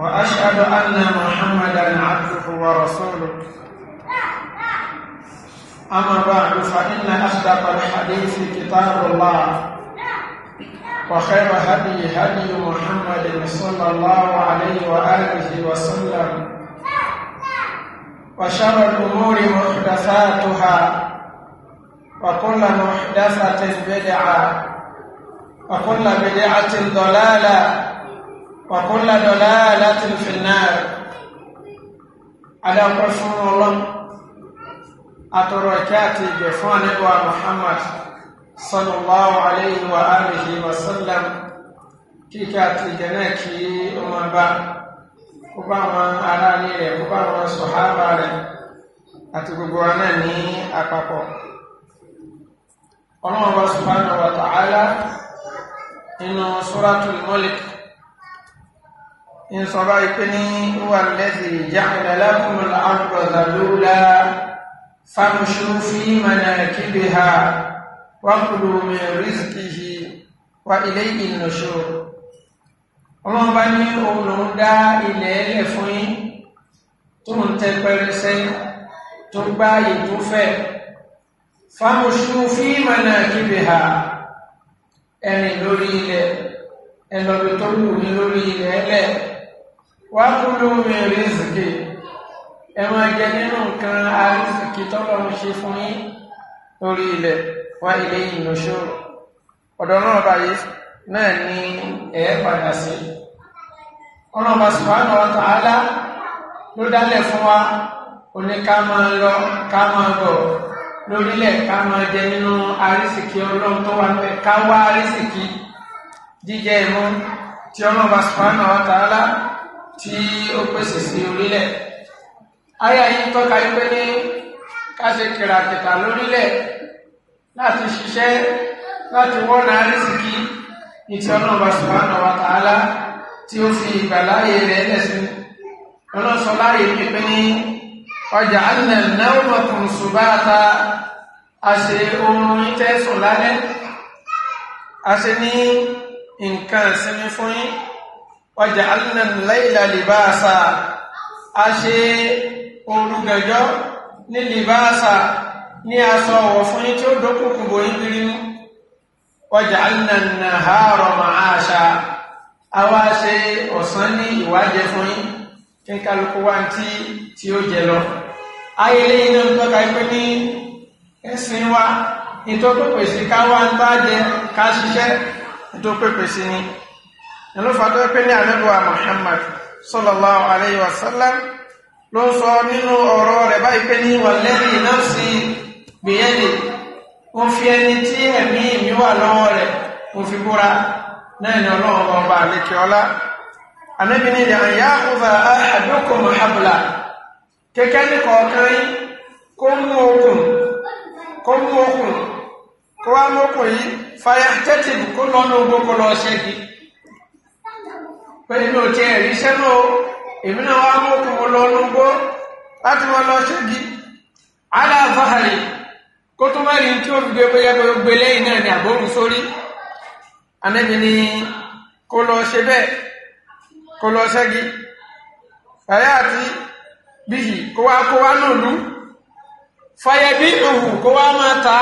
وأشهد أن محمدا عبده ورسوله أما بعد فإن أصدق الحديث كتاب الله وخير هدي هدي محمد صلى الله عليه وآله وسلم وشر الأمور محدثاتها وكل محدثة بدعة وكل بدعة ضلالة وكل دلالة في النار على قفون الله أتركاتي بفون محمد صلى الله عليه وآله وسلم كيكاتي جناكي أمبا kópa àwọn aráàlú rẹ̀ kópa àwọn sọ̀hábà rẹ̀ àti gbogbo wa náà ní àpapọ̀ ọlọ́run bá subhanahu wa nínú suratul Mulk ń sọ báyìí pé ní wà lẹ́sì ìjáàmìnà lábùnú àrùbọ̀dà lóla fámúṣú fi mọ̀nà kíbi ha wákùlù mi rìsíkìhì wa ilé ìnùṣò ọlọ́run bá ní òun lòún dá ilẹ̀ ẹlẹ̀ fún yín tó ń tẹ pẹrẹsẹ tó gbá ètò fẹ́ fámúṣú fi mọ̀nà kíbi ha ẹ̀rìn lórí ilẹ̀ ẹ̀lọ́dún tó wù ní lórí ilẹ̀ ẹlẹ́ẹ̀ wá kúrò mi rìsìkì ẹ máa jẹ nínú nǹkan àrísìkì tọ́lọ́run ṣe fún yín lórí ilẹ̀ wá ilé ìnáṣó ọ̀dọ̀ náà báyìí náà ní ẹ̀ padà sí ọlọ́mọ subhanahu wa ta'ala ló dálẹ̀ fún wa ó ká máa lọ ká máa bọ̀ lórílẹ̀ ká máa jẹ nínú àrísìkì ọlọ́run tó wà pẹ́ ká wá àrísìkì jíjẹ ìmú tí ọlọ́mọ subhanahu wa ta'ala tí ó pèsè sí orílẹ̀ ayé yìí tọ́ka yín pé ní ká ṣe kìràkìtà lórílẹ̀ láti ṣiṣẹ́ láti wọ́nà àrísìkí ní ti ọlọ́ọ̀bà subhanahu wa ta'ala tí ó fi ìgbàláyè rẹ̀ lẹ́sìn ọlọ́sọ láàyè pípẹ́ ní ọjà alẹ́ náírà tún ṣùgbọ́ta àṣẹ oorun tẹ́sùn lálẹ́ àṣẹ ní nǹkan ìsinmi fún yín wàjàlínà láìlà libáàsà a ṣe òru gẹ̀jọ́ ní libáàsà ní aṣọ ọ̀wọ̀ fún yí tí ó dókùnkùn bò yí kiri mú wàjàlínà nàhárà màáṣà a wá ṣe ọ̀sán ní ìwájẹ fún yí kí kálukú wá tí tí ó jẹ lọ ayẹlẹ iná ń tọ́ka pé ní ẹ̀sìn wa ìtọ́pẹ̀pẹ̀ sí ká ń bá jẹ ká ṣiṣẹ́ ìtọ́pẹ̀pẹ̀ sí ni ẹlọ́fà tó pé ní àdẹ́bùwà Muhammad sallallahu alayhi wa sallam ló ń sọ nínú ọ̀rọ̀ rẹ̀ báyìí pé ní wàlẹ́bí nafsi bìyẹ́nì ó fi ẹni tí ẹ̀mí mi wà lọ́wọ́ rẹ̀ ó fi búra náà ni ọlọ́run ọba àlekè ọlá ànábì ní ìdí àyà ọba àdókò mọ̀hábùlà kékeré ní kọ̀ọ̀kan yìí kó mú okùn kó mú okùn kó wá mú okùn yìí fàyà tẹ́tì kó lọ́nà ogbó kó lọ́ọ́ ṣẹ́gi pé èmi ò tiẹ̀ rí iṣẹ́ náà o èmi náà wá mú kùn lọ lóńgbó láti wọn lọ ṣégi aláàfáàrí kó tó má rí tí ó fi gbé bóyá pé ó gbé lẹ́yìn náà ní àbóhùn sórí anábì ni kó lọ ṣe bẹ́ẹ̀ kó lọ ṣégi ẹ̀yà àti bíyì kó wá kó wá náà lù fàyẹ̀bí òhùn kó wá máa ta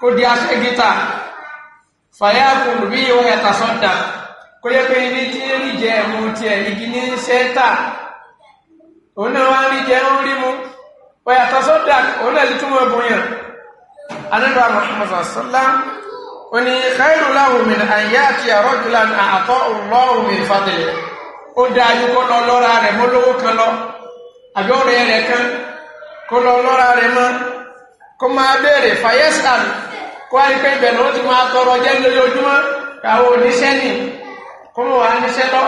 kó di aṣẹ́gi ta fàyà kùn bí wọ́n yàtà sọ́dà kó yẹ pé ibi tí ń rí jẹ mu tiẹ̀ igi ní sẹ́ńtà òun náà wá ń rí jẹ ń rí mu ọ̀yà tasọ́dà òun náà ti túmọ̀ ẹ̀bùn yàn anábàá Muhammad sallam oní khairu lahu min an ya'tiya rajulan a'atahu Allahu min fadlihi ó lọ lọ́ra rẹ̀ mọ́ lówó kan lọ àbí ọ̀rẹ́ rẹ̀ kan kó lọ lọ́ra rẹ̀ mọ́ kó máa béèrè fayẹ́sàn kó wá rí pé ibẹ̀ ló ti máa tọrọ jẹ́ lójoojúmọ́ káwọn oníṣẹ́ nìyí kọ́mọ wa níṣẹ́ lọ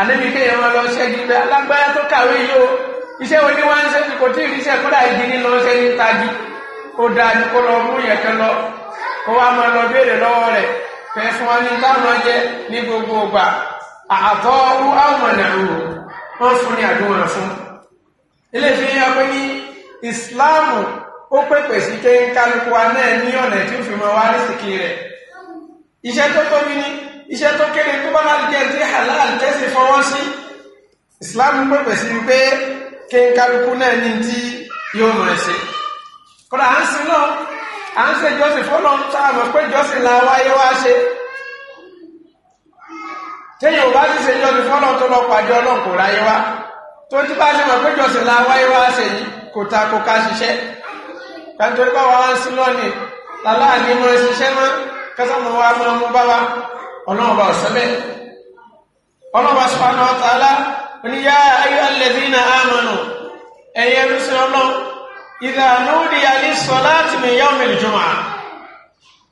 ànábi kéèyàn máa lọ ṣẹ́ gidi alágbára tó kàwé yìí o iṣẹ́ wo ni wọ́n ń ṣe kò tí ì ríṣẹ́ kódà igi ní lọ ṣe ní tagi ó dáa ní kó lọ mú yẹn kan lọ kó wa máa lọ béèrè lọ́wọ́ rẹ̀ fẹ́ fún wa ní táwọn jẹ ní gbogbo ọgbà àtọ́ wú àwọn ọ̀nàrú wọ́n fún ní àdúrà fún ilé ìfihàn pé ní ìsìláàmù ó pèpè sí kéńkálukú wa náà ní ọ̀nà tí ó fi mọ wá ní sìkì rẹ̀ iṣẹ́ tó tóbi ní iṣẹ́ tó kéré tó bá láti jẹ́ tí halal tẹ́sí fọwọ́ sí islam pẹ̀pẹ̀ sí wípé kí n kálukú náà ní tí yóò mọ̀ ẹ́ sí kódà à ń sin náà à ń ṣe jọ́sìn fọ́nà tá pé jọ́sìn la wáyé wá ṣe téèyàn bá ti ṣe jọ́sìn fọ́nà tó lọ pàjọ́ náà kò ráyé wá tó ti bá ṣe mọ̀ pé jọ́sìn la wáyé wá ṣe yìí kò ta kò ká ṣiṣẹ́ kàńtórí bá wa ń sin lọ́nìí làlá àní ṣiṣẹ́ mọ́ kásán mọ̀ mọ́ mú bá wa ọlọ́ọ̀bá ọ̀sẹ́bẹ̀ ọlọ́ọ̀bá subhanahu wa ta'ala oníyá ayyuhalladhina amanu ẹ̀yẹ ẹ̀rúsìn ọlọ́ idha nudiya lis-salati min yawmil jumu'ah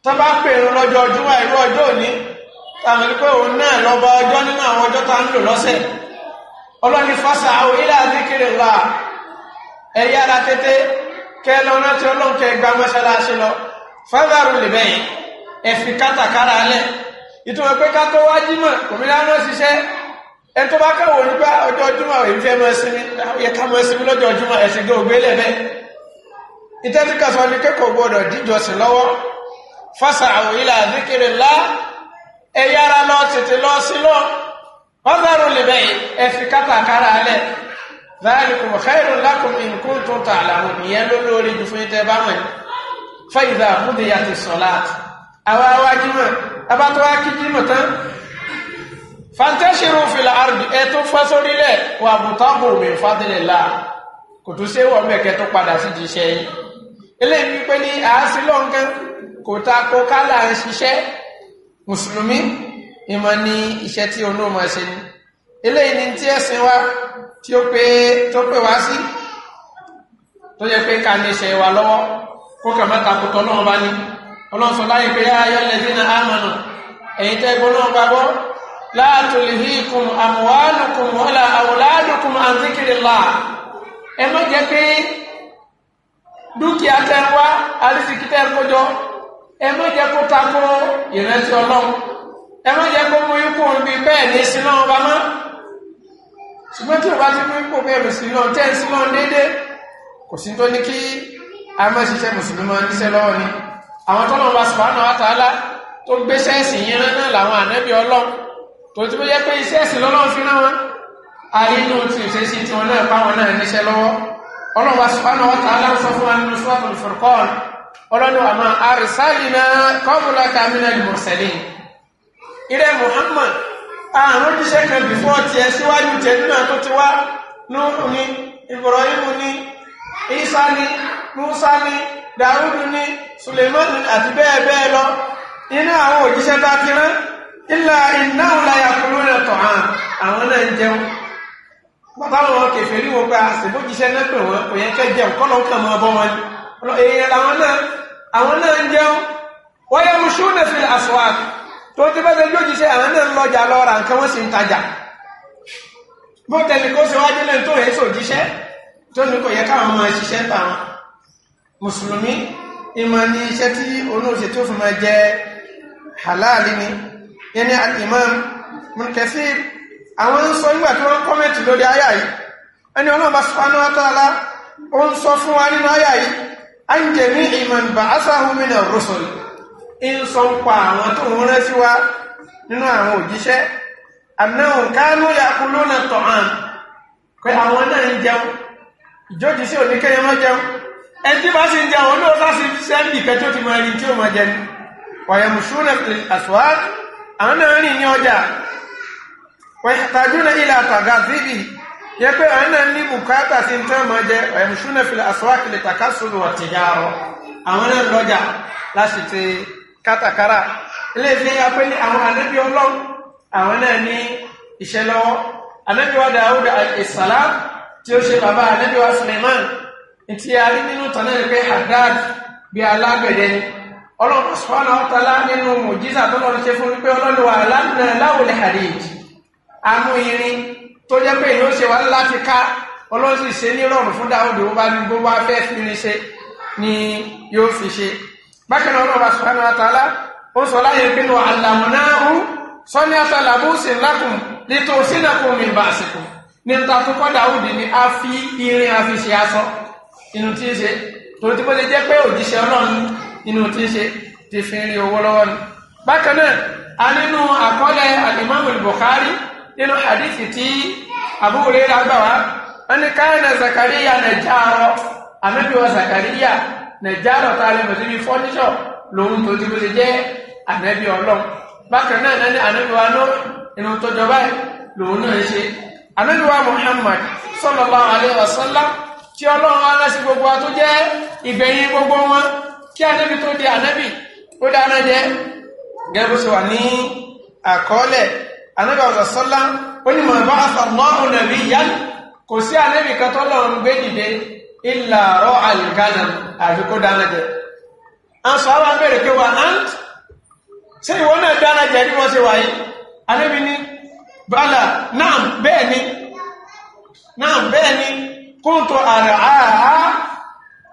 tó bá pè ń lọ́jọ́ júmọ̀ ìlú ọjọ́ òní tàbí pé òun náà tètè kẹ lọ rántí ọlọ́run kẹ gba lọ fadharu lè bẹ́yìn ẹ̀fì kátàkárà alẹ́ ìtumọ̀ pé ká tó wá jímọ̀ òmìnira náà ṣiṣẹ́ ẹ tó bá káwọ̀ nípa ah, ọjọ́ jímọ̀ èyí fẹ́ mọ́ ẹsinmi ah, yẹ ká mọ́ ẹsinmi lọ́jọ́ jímọ̀ ẹ̀sìn gbé ògbé lẹ́bẹ̀ ìtẹ́tí kàṣọ ni kẹ́kọ̀ọ́ gbọ́dọ̀ díjọsìn lọ́wọ́ fásà àwọn ilà àdékèrè ńlá ẹ yára lọ tètè lọ sí lọ fásàrò lè bẹ́ẹ̀ ẹ fi kátàkárà alẹ́ zalikum khairun fẹ́ ìdá àmúdíyàtì ẹbá tó wá kí jímọ̀ tán fantasiru fìlà àrùbí ẹ tó wà bùtọ́bù mi fadìlẹ̀ la kò tún ṣe wọ̀ mẹ́kẹ́ tó padà sí di iṣẹ́ yìí eléyìí wípé ní àásí lọ́nkán kò ta kó kálà ń ṣiṣẹ́ mùsùlùmí ìmọ̀ ni iṣẹ́ tí olóòmọ̀ ṣe ni eléyìí ni tí ẹ̀sìn wa tí ó pé tó pé wá sí tó yẹ pé ká ní ṣe wa lọ́wọ́ kó kà má takùtọ̀ náà bá ní ọlọ́run sọ láyé pé yáa yọ lẹ́bí na ámànù ẹ̀yin tẹ́ gbọ́dọ̀ gbàgbọ́ láàtò lè hí ikùn àmúwálùkùn wọ́lá àwòládùkùn àǹtíkìrìlá ẹ má jẹ́ pé dúkìá tẹ́ ń wá àrísìkí tẹ́ ń kójọ ẹ má jẹ́ kó takò ìrántí ọlọ́run ẹ má jẹ́ kó mú ikú òǹbí bẹ́ẹ̀ ní sinú ọba mọ́ ṣùgbọ́n tí o bá ti mú ikú bẹ́ẹ̀ lò tẹ́ sinú déédéé kò sí tó ní kí a má ṣiṣẹ́ mùsùlùmí níṣẹ́ lọ́wọ́ ni àwọn tó lọ́wọ́ bá subhanahu wa ta'ala tó gbéṣẹ́ ẹ̀sìn yẹn náà làwọn ànábì ọlọ́run tó ti yẹ pé iṣẹ́ ẹ̀sìn lọ́lọ́run fi rán wọn àrínú ti ìṣesí tiwọn náà báwọn náà níṣẹ́ lọ́wọ́ ọlọ́run bá subhanahu wa ta'ala sọ fún wa nínú suratul furqan ọlọ́run àmọ́ arsalna qablaka minal mursalin ilẹ̀ Muhammad àrùn oníṣẹ́ kan bìfọ́ tiẹ̀ síwájú tiẹ̀ nínú àtó ti wá Nuhu ni Ibrahim ni Isa ni Musa ni dàrúdù ní suleiman àti bẹ́ẹ̀ bẹ́ẹ̀ lọ inú àwọn òjíṣẹ́ tá ti rán ilà ìnáwó láyà kúrú rẹ̀ tọ̀ hàn àwọn náà ń jẹun bàbá wọn kẹfẹ́ rí wọn pé àṣìbójíṣẹ́ náà pè wọ́n kò yẹ kẹ́ jẹun kọ́ lọ́ọ́ kàn mọ́ ọbọ̀ wọn èèyàn làwọn náà àwọn náà ń jẹun wọ́n yẹ musu náà fi aswaq tó ti bá tẹ́lẹ̀ lójíṣẹ́ àwọn náà ń lọ́jà lọ́ra nǹkan wọ́n sì ń tajà bó tẹ̀lé kó ṣe wájú náà tó yẹ musulumi iman ní iṣẹ́ tí olóòṣè tó fi ma jẹ halali ni yẹni al-imam àwọn ń sọ nígbà tí wọ́n kọ́mẹ̀tì lórí àyà yìí ẹni ọlọ́run bá subhanahu wa ta'ala ń sọ fún wa nínú yìí an jami'i man ba'athahu min ar-rusul ń sọ ń pa àwọn tó ń rán sí wa nínú àwọn òjíṣẹ́ ẹtí bá sì ń jẹ àwọn olóòtú sì fi sẹ́ńdì kẹtí ó ti máa rí tí ó máa jẹ ní wàyẹ̀mùsùnà àṣùwá àwọn náà rìn ní ọjà wàyẹ̀tàjúnà ilẹ̀ àtàgà zidi yẹ pé àwọn náà ní bùkátà sí ń tẹ́ máa jẹ wàyẹ̀mùsùnà fìlẹ̀ àṣùwá kìlẹ̀ tàkà sùn wọ̀ tìjà rọ àwọn náà lọ́jà láti ti kátàkárà ilé ìfẹ́ ya pé ní àwọn anábì ọlọ́run àwọn náà ní iṣẹ́ lọ́wọ́ anábì wa Dáúdà àìsàlá tí ó ntí a rí nínú tán náà pé Haddad bíi alágbẹ̀dẹ ni ọlọ́run sọ́nà ọ̀tàlá nínú mùjísà tó lọ́run ṣe fún mi pé ọlọ́run wà lánà láwùlẹ̀ hadid amú irin tó jẹ́ pé yóò ṣe wá láti ká ọlọ́run sì ṣe nírọ̀rùn fún Dáúdù bó bá ní bó bá fẹ́ fi ní ṣe ni yóò fi ṣe bákan náà ọlọ́run sọ́nà ọ̀tàlá ó sọ láyé pé wà àlàmúnáhù sọ́ni àtàlàbùsìn lákùn lítòsínàkùn mi bàṣìkù ní ta tó kọ́ Dáúdù ni a fi irin àfi ṣe inú tí ń ṣe torí tí bó ṣe jẹ́ pé òjíṣẹ́ ọlọ́run inú tí ń ṣe ti fi ń rí owó lọ́wọ́ ni. bákan náà a nínú àkọọ́lẹ̀ alimami Bukhari nínú hadithi tí Abu Hurairah gbà wá wọn ni káyọ̀nà Zakariya najjaro anábìwọ̀ Zakariya najjaro tá a lè mọ̀ síbi fọ́níṣọ̀ lòun tó ti bó jẹ́ ànábì ọlọ́run bákan náà náà ni ló inú tó jọba lòun náà ṣe ànábì wa Muhammad sallallahu alaihi wasallam tí ọlọ́run aláṣẹ gbogbo wa tó jẹ́ ìgbẹ̀yìn gbogbo wọn kí anábì tó di anábì ó dáná jẹ́ gẹ́gẹ́ bó ṣe wà ní àkọọ́lẹ̀ anábì ọ̀sán sọ́lá ó ní màbá àfàmọ́ọ̀hún nàbí ìyá kò sí anábì kan tó lọ́run gbé dìde ìlà rọ àlìkánà àfi kó dáná jẹ àṣọ àwọn abẹ́rẹ́ pé wà á ń ṣe ìwọ náà dáná jẹ bí wọ́n ṣe wáyé anábì ní bala náà bẹ́ẹ̀ ni náà bẹ́ẹ̀ ni kóńtò àrà áhà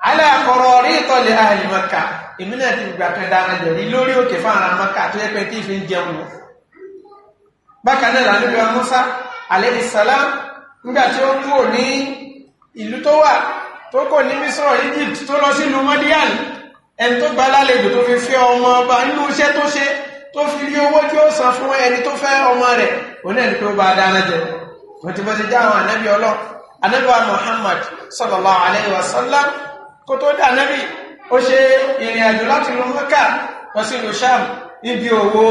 aláàkọrọ rí ìtọ́lẹ̀ ahli Mákà èmi náà ti gbà kan dára jẹ̀ rí lórí òkè fún ara Mákà tó yẹ pé tí ìfi ń jẹun lọ bákan náà lànà fi rí owó tí ó san fún ẹni tó fẹ́ ọmọ rẹ̀ òun náà pé ó bá dára jẹ ti bọ́ ti já àwọn ànábì anabiwa muhammad sallallahu alayhi wa sallam kó tó dé anabi ó ṣe ìrìn àjò láti lu mọ́kà lọ sí ìlú sham níbi owó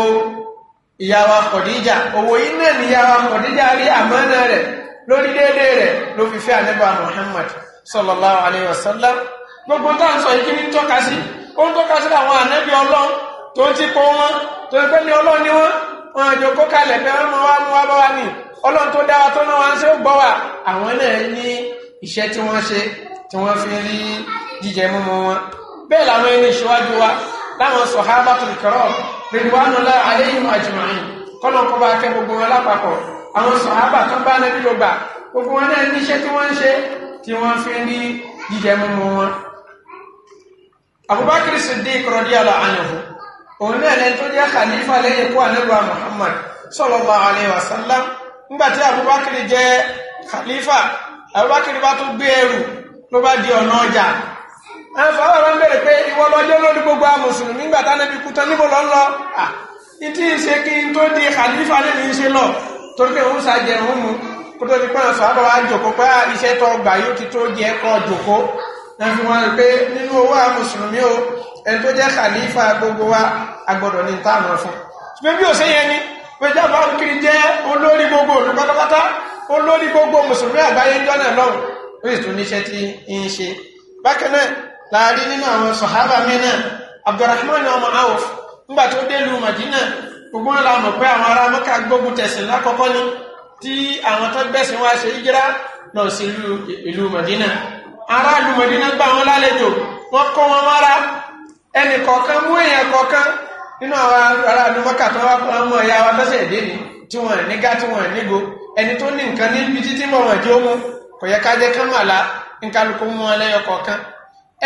ìyàwó kọ̀díjà owó iná ni ìyàwó kọ̀díjà rí àmọ́nà rẹ̀ lórí déédéé rẹ̀ ló fi fẹ́ anabiwa muhammad sallallahu alayhi wa sallam gbogbo tá wọn àjò kó kalẹ̀ pé wọ́n mọ wá mú wá bá wa ní ọlọ́run tó dá wa tó náà wá ń ṣe ó gbọ́ wa àwọn náà ní iṣẹ́ tí wọ́n ṣe tí wọ́n fi rí jíjẹ mímu wọn bẹ́ẹ̀ làwọn ẹni ìṣíwájú wa láwọn sahabatul kiram ridwanullahi alayhim ajma'in kọ́nà kó bá kẹ́ gbogbo wọn lápapọ̀ àwọn sàhábà tó bá nẹ́bí ló gbà gbogbo wọn náà níṣẹ́ tí wọ́n ṣe tí wọ́n fi ní jíjẹ mímu wọn. Abubakar Siddiq radiyallahu anhu òun náà lẹni tó jẹ́ khalifa lẹ́yìn ikú ànábà muhammad sallallahu alaihi wasallam nígbà tí abubakar jẹ́ khalifa abubakar bá tún gbé ẹrù ló bá di ọ̀nà ọjà àǹfààní ọ̀rọ̀ ń bèrè pé ìwọ lọ́jọ́ lórí gbogbo àwọn mùsùlùmí nígbà tánàbí kú tán níbo lọ́ lọ ìtí ìṣe kí n tó di khalifa lè ní ṣe lọ torí pé òun ṣàjẹ̀rún mu kó tó di pẹ́ràn sọ àbọ̀wá jòkó pé iṣẹ́ tó gbà yóò ti tó jẹ́ kọ́ jòkó ẹ̀fún wọn rẹ̀ pé nínú owó àwọn o ẹni tó jẹ́ khalifa gbogbo wa agbọ́dọ̀ ní táàmù fún ṣùgbọ́n bí ó ṣe yẹn ni pé jábá ń kiri jẹ́ olórí gbogbo òlú pátápátá olórí gbogbo mùsùlùmí àgbáyé ń jọ́nà lọ́hùn ó sì tún níṣẹ́ tí ń ṣe bákan náà láàrin nínú àwọn sọ̀hábà mi náà Abdurrahman ọmọ Awf ńgbà tó délu Madina gbogbo ńlá mọ̀ pé àwọn ará Mẹ́kà gbógun tẹ̀sìn lákọ́kọ́ ni tí àwọn tó gbẹ̀sìn wá ṣe hijira lọ sí ìlú Madina aráàlú mọ̀dínà gbà wọn lálejò wọ́n kó wọn mọ́ra ẹnì kọ̀ọ̀kan mú èèyàn kọ̀ọ̀kan nínú àwọn aráàlú mọ́kà tó wá fún ọmọ ìyá wa tọ́sẹ̀ èdè ni tí wọ́n nígá tí wọ́n nígo ẹni tó ní nǹkan níbi títí mọ̀ wọ́n jó mú kò yẹ ká jẹ́ kán mà lá nkálukú mú wọn lẹ́yọ kọ̀ọ̀kan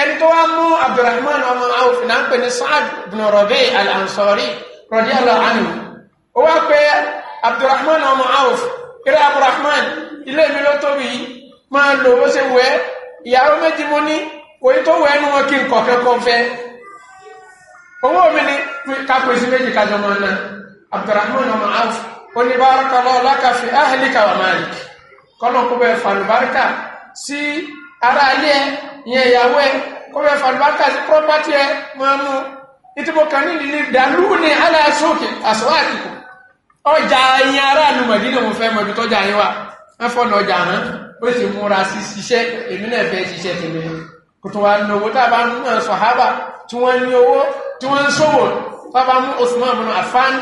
ẹni tó wá mú abdulrahman ọmọ Auf náà ń pè ní Sa'ad bin Rabi' al-Ansari radiyallahu anu ó wá pé abdulrahman ọmọ Auf eré abdulrahman ilé mi ló tóbi yìí máa lò ó ṣe wẹ́ẹ́ ìyàwó méjì mo ní kò yí tó wọ ẹnu wọn kí n kọ̀ọ̀kan kan fẹ́ owó mi ni kápẹ́sì méjì kájọ máa ná Abdurrahman ọmọ Auf oníbàárọ̀kọ̀lọ́ lákàfi ahlika wa malik kọ́nà kó bẹ́ẹ̀ fàlùbáríkà sí ara alẹ́ yẹn ìyàwó ẹ kó bẹ́ẹ̀ fàlùbáríkà sí pọ́pátì ẹ máa mú ìtìbò kan ní ìdílé dàlú ní aláṣọ́kè àṣọwáàkì ọjà yẹn aráàlú màdínà mo fẹ́ mọ̀jú tọ́jà yẹn wà wọ́n fọ́nà ọjà hàn bó ṣe múra sí ṣiṣẹ́ èmi náà fẹ́ ṣiṣẹ́ tèmi kò tó wà lówó tàbá mú àwọn sọ̀hábà tí wọ́n ní owó tí wọ́n ń ṣòwò tàbá mú Usman bin Affan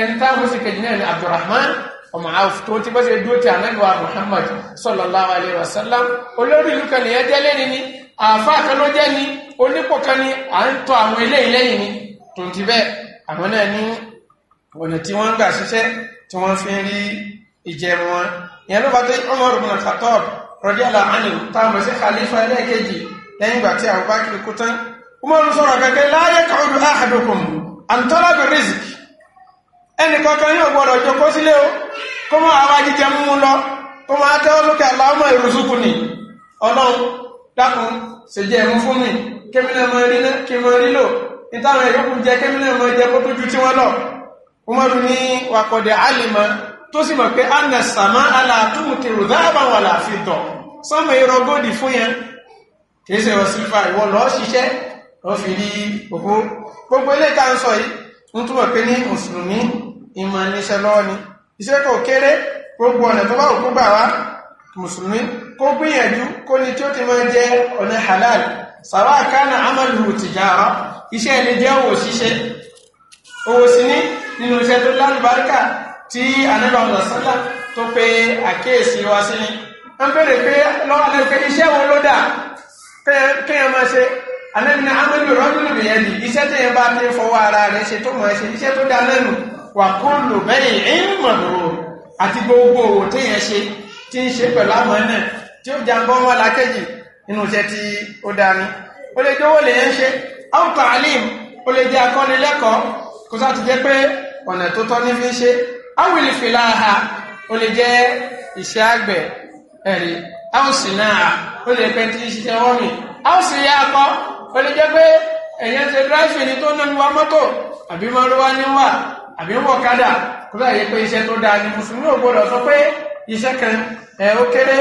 ẹni táwọn sì ní Abdurrahman ọmọ Auf tó ti bó ṣe dúró ti ànágbà Muhammad sallallahu alaihi wasallam olórí ìlú kan nìyẹn jẹ́ lẹ́ni ni àfa kan ló jẹ́ ni onípò kan ni à ń tọ àwọn eléyìí lẹ́yìn ni tòun ti bẹ́ẹ̀ àwọn náà ní ọ̀nà tí wọ́n ń gbà ṣiṣẹ́ tí wọ́n fi ń rí ìjẹ̀mú wọn ìyẹn ló bá dé Umar ibn Khattab radiyallahu anhu táwọn sí khalifa ẹlẹ́ẹ̀kejì lẹ́yìn ìgbà tí àwọn bá kiri kú tán Umar sọ̀rọ̀ gẹ́gẹ́ la yaq'udu ahadukum an talabi rizq ẹnì kankan yóò gbọdọ̀ jókòó sílé o kó máa wá jíjẹ mú lọ kó máa tẹ́wọ́ lókè Allahumma irzuqni ni ọlọ́run dákun ṣèjẹ́ mú fún mi kémìnà mọ rí náà kí kémìnà mọ alima tó sì mọ̀ pé anna sàmá aláàtúmùtì rùdáàbà wà láàfin tọ̀ sọ́mọ ìrọgódì fún yẹn kìí ṣe ọ̀sífà ìwọ lọ ṣiṣẹ́ lọ fi rí òkú gbogbo ilé tá ń sọ yìí ń túbọ̀ pé ní mùsùlùmí ìmọ̀ níṣẹ́ lọ́wọ́ ni iṣẹ́ kò kéré gbogbo ọ̀nà tó bá òkú gbà wá mùsùlùmí kó gbìyànjú kó ní tí ó ti máa jẹ ọ̀nà halal sàrà kánà amaluhu tìjára iṣẹ́ ẹni jẹ́ owó ṣiṣẹ́ owó sí ní nínú iṣẹ́ tó lálùbáríkà tí àníbà ọ̀nà sọ́lá tó pe àkíyèsí wa sí ni wọ́n bèèrè pé lọ́wọ́ àná pé iṣẹ́ wo ló dà kéèyàn máa ṣe àlẹ́mìnà amẹ́lú rọ́dúnlù yẹn ni iṣẹ́ tó yẹn bá ní fọwọ́ ara rẹ̀ ṣe tó máa ṣe iṣẹ́ tó dá lẹ́nu wà kó lò bẹ́yìn ìmọ̀dúró àti gbogbo òwò tó yẹn ṣe tí ń ṣe pẹ̀lú àmọ́ náà tí ó jàǹbọ́ wọn lákẹ́jì nínú iṣẹ́ tí ó dá ní ó lè jówó lè yẹn ṣe áwùtọ̀ alim ó lè jẹ́ akọ́nilẹ́kọ̀ọ́ kó sá ti jẹ́ awìlì fìlà ha ó lè jẹ́ iṣẹ́ àgbẹ̀ ẹ̀rí áwùsì náà ó lè pẹ́ tí ṣiṣẹ́ wọ́n mi áwùsì yá akọ́ ó lè jẹ́ pé ẹ̀yẹ́ ṣe dráìfì ni tó náà wá mọ́tò àbí mọ́rúwá ní wà àbí wọ̀ kádà kó láyé pé iṣẹ́ tó dáa ni mùsùlùmí ò gbọdọ̀ sọ pé iṣẹ́ kan ẹ̀ ó kéré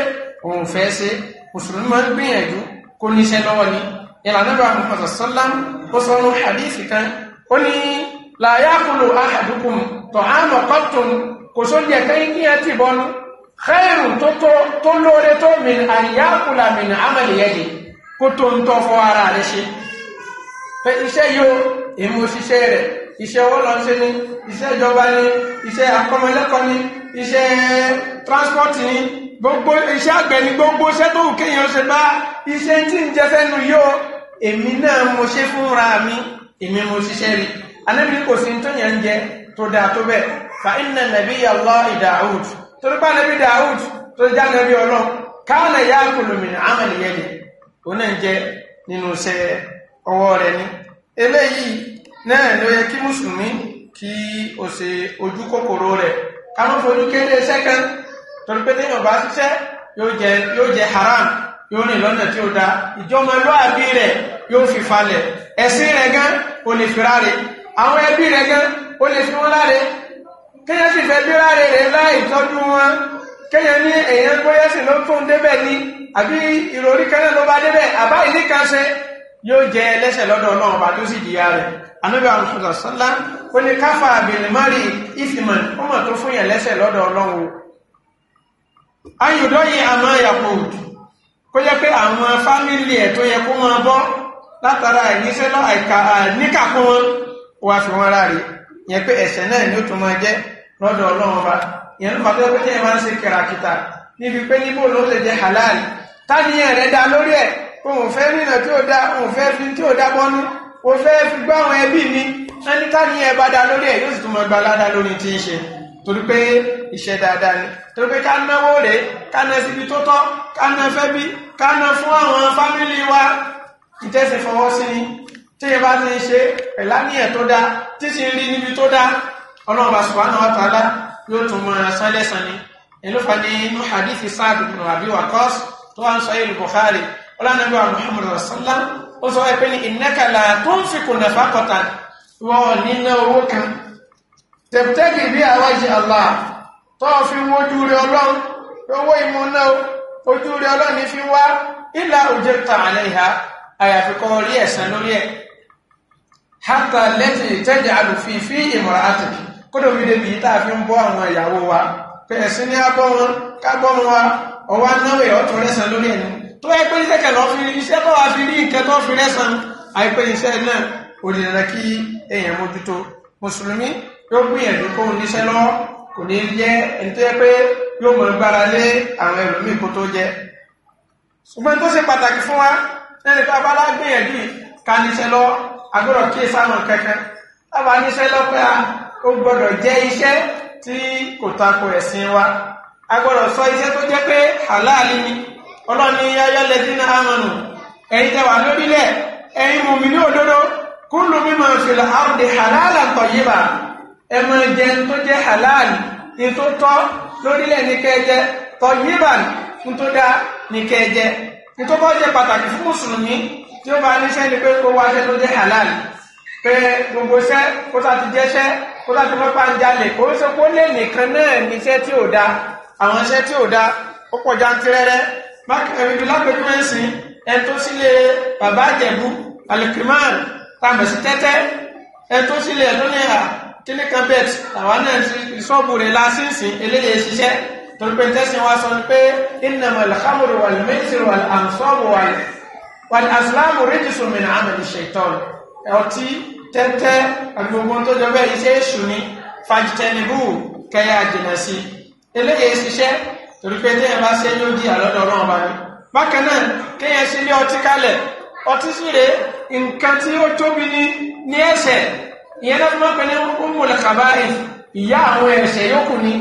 òun fẹ́ ṣe mùsùlùmí máa ń gbìyànjú kó níṣẹ́ lọ́wọ́ ni ìlànà bá Muhammad sallam ó sọ ọ́nù hadith kan làyàkùlù àhàdùkùn tọ̀ àmọ̀ kọ́tùn kò sóúnjẹ kẹ́yìn kí ẹ ti bọ́nu xẹ́rù tó tó tó lóore tó min àyàkùlà min àmàlìyẹ́dì kó tó ń tọ́ fọ́ ara rẹ̀ ṣe pé iṣẹ́ yóò èmi òṣìṣẹ́ rẹ̀ iṣẹ́ ọlọ́nṣẹ́ ni iṣẹ́ ìjọba ni iṣẹ́ akọ́mọlẹ́kọ́ ni iṣẹ́ transport ni gbogbo iṣẹ́ àgbẹ̀ ni gbogbo iṣẹ́ tó wù kéèyàn ṣe bá iṣẹ́ tí ń jẹ́ fẹ́nu yóò èmi náà mo ṣe fúnra mi èmi mo ṣiṣẹ́ rí i anábì kò sí tó yẹn ń jẹ tó dáa tó bẹ́ẹ̀ fa inna nabiyya Allahi Dawud torí bá nàbí Dawud tó já nàbí ọlọ́run kana yakulu min amali yadi òun náà jẹ nínú iṣẹ́ ọwọ́ rẹ̀ ni eléyìí náà ló yẹ kí mùsùlùmí kí o ṣe ojú kòkòrò rẹ̀ ká má fojú kéré iṣẹ́ kan torí pé téèyàn bá ṣiṣẹ́ yóò jẹ yóò jẹ haram yóò rìn lọ́nà tí ó da ìjọmọlúwàbí rẹ̀ yóò fi falẹ̀ ẹ̀sìn rẹ̀ gan olè fìrà rẹ̀ àwọn ẹbí rẹ̀ gan ó lè fi wọ́n láre kéèyàn sì fẹ́ bí láre rẹ̀ láì tọ́jú wọn kéèyàn ní èyàn gbóyè ló fún débẹ̀ ni àbí ìròrí kan ló bá débẹ̀ àbá ìdí kan yóò jẹ ẹlẹ́ṣẹ̀ lọ́dọ̀ Ọlọ́run bá tó sì dìyà rẹ̀ sọ́lá ó ní káfà márì ìfìmọ̀ ó mọ̀ tó fún yẹn lọ́dọ̀ Ọlọ́run wá fi wọ́n ráre yẹn pé ẹ̀ṣẹ̀ náà ni ó tún máa jẹ́ lọ́dọ̀ ọlọ́run ọba yẹn ló fàtọ́ pé yẹn máa ń ṣe kìràkìtà níbi pé níbo ló lè jẹ́ halal táníyàn rẹ̀ dá lórí ẹ̀ òun fẹ́ rìnà tí ó dá òun fẹ́ fi tí ó dá bọ́nú ó fẹ́ fi gbọ́ àwọn ẹbí mi ẹni táníyàn bá dá lórí ẹ̀ yóò sì tún máa gba aládá lórí tí ń ṣe torí pé iṣẹ́ dáadáa ni torí pé ká náwó rèé ká ná síbi tó tọ́ ká ná fẹ́ bí ká ná fún àwọn fámìlì wa ìtẹ́sẹ̀ fọwọ́ sí ni tí ẹ bá ti ń ṣe ẹ̀láníyàn tó dá tí sì ń rí níbi tó dá ọlọ́run bá subhanahu wa ta'ala yóò tún mọ sálẹ́sàn ni ẹlọ́fà ní inú hadithi Sa'd ibn Abi Waqqas tó wà ń sọ yìí Bukhari ọlọ́nàbí wa Muhammad rasulullah ó sọ pé ní innaka la tunfiqu nafaqatan wọ́n nínú owó kan tẹ̀pútẹ́kì bí àwọn ìṣe Allah tó fi ń wojú rẹ ọlọ́run owó ìmúná ojú rẹ ọlọ́run fi wá ẹ̀sán lórí ẹ̀ hátà lẹ́tì ìtẹ́jẹ̀ alùfífí ìmọ̀ràtì kódò fi débi tá a fi ń bọ́ àwọn ìyàwó wa pé ẹ̀sìn ní abọ́ wọn kábọ́ wọn wa ọwọ́ náwó ọ̀tún rẹ̀sán lórí ẹni tó wáyé pé iṣẹ́ kẹlọ́ fi iṣẹ́ tó wá fi rí ìkẹ́ tó fi rẹ̀sán àìpé iṣẹ́ náà ò lè rẹ̀ kí èèyàn mójútó mùsùlùmí yóò gbìyànjú kó níṣẹ́ lọ́wọ́ kò ní jẹ́ ẹni tó yẹ pé yóò mọ̀ gbára lé àwọn ẹlòmíì kó tó jẹ ṣùgbọ́n tó ṣe pàtàkì fún wa ẹnì kan abala gbìyànjú ká níṣẹ́ lọ́wọ́ agbọ́dọ̀ kí sáwọn kankan lábà níṣẹ́ lọ́pẹ́ a ó gbọ́dọ̀ jẹ́ iṣẹ́ tí kò tako ẹ̀sìn wa agbọ́dọ̀ sọ iṣẹ́ tó jẹ́ pé àláàlì ni ọlọ́ni ayọ́lẹ̀ tí náà mọ̀nù ẹ̀yin tẹwà lórílẹ̀ ẹ̀yin mùmí ní òdodo kúlù mímọ̀ fìlà áwùdì àláàlà tọ̀ yí bà ẹ mọ jẹ tó jẹ́ àláàlì ní tó tọ́ lórílẹ̀ ní kẹjẹ tọ̀ yí bà ní ní kẹjẹ ní tó pàtàkì fún mùsùlùmí tí ó bá níṣẹ́ ni pé kó wáṣẹ́ tó jẹ́ halal pé gbogbo iṣẹ́ kó sá ti jẹ́ṣẹ́ kó sá ti mọ́pá ń jalè kó ṣe kó lè nìkan náà níṣẹ́ tí ò da àwọn iṣẹ́ tí ò da ó pọ̀ jantirẹrẹ mákàrí lápẹ́kúmẹ́sì ẹni tó sílé bàbá àjẹ̀bú alikimar tàbẹ̀sí tẹ́tẹ́ ẹni tó sílé ẹ̀dúnìyà kíníkan bet àwọn náà ti sọ́ọ̀bù rẹ̀ lásìsì eléyè ṣiṣẹ́ torí pé tẹ́sí wa sọ ni pé wàlí asilamu rídìsùn mi náà àmì ṣètọ́n ọtí tẹ́tẹ́ àgbègbè tó jọ bẹ́ẹ̀ iṣẹ́ èṣù ni fàjìtẹ́nibù kẹ́yà jìnà sí eléyìí ṣiṣẹ́ torí pé téèyàn bá ṣe yóò di àlọ́dọ̀ náà wá ní. bákan náà kéèyàn ṣe ilé ọtí kalẹ̀ ọtí sì rèé nǹkan tí ó tóbi ní ní ẹ̀ṣẹ̀ ìyẹn náà fi máa ìyá àwọn ẹ̀ṣẹ̀ yókù ni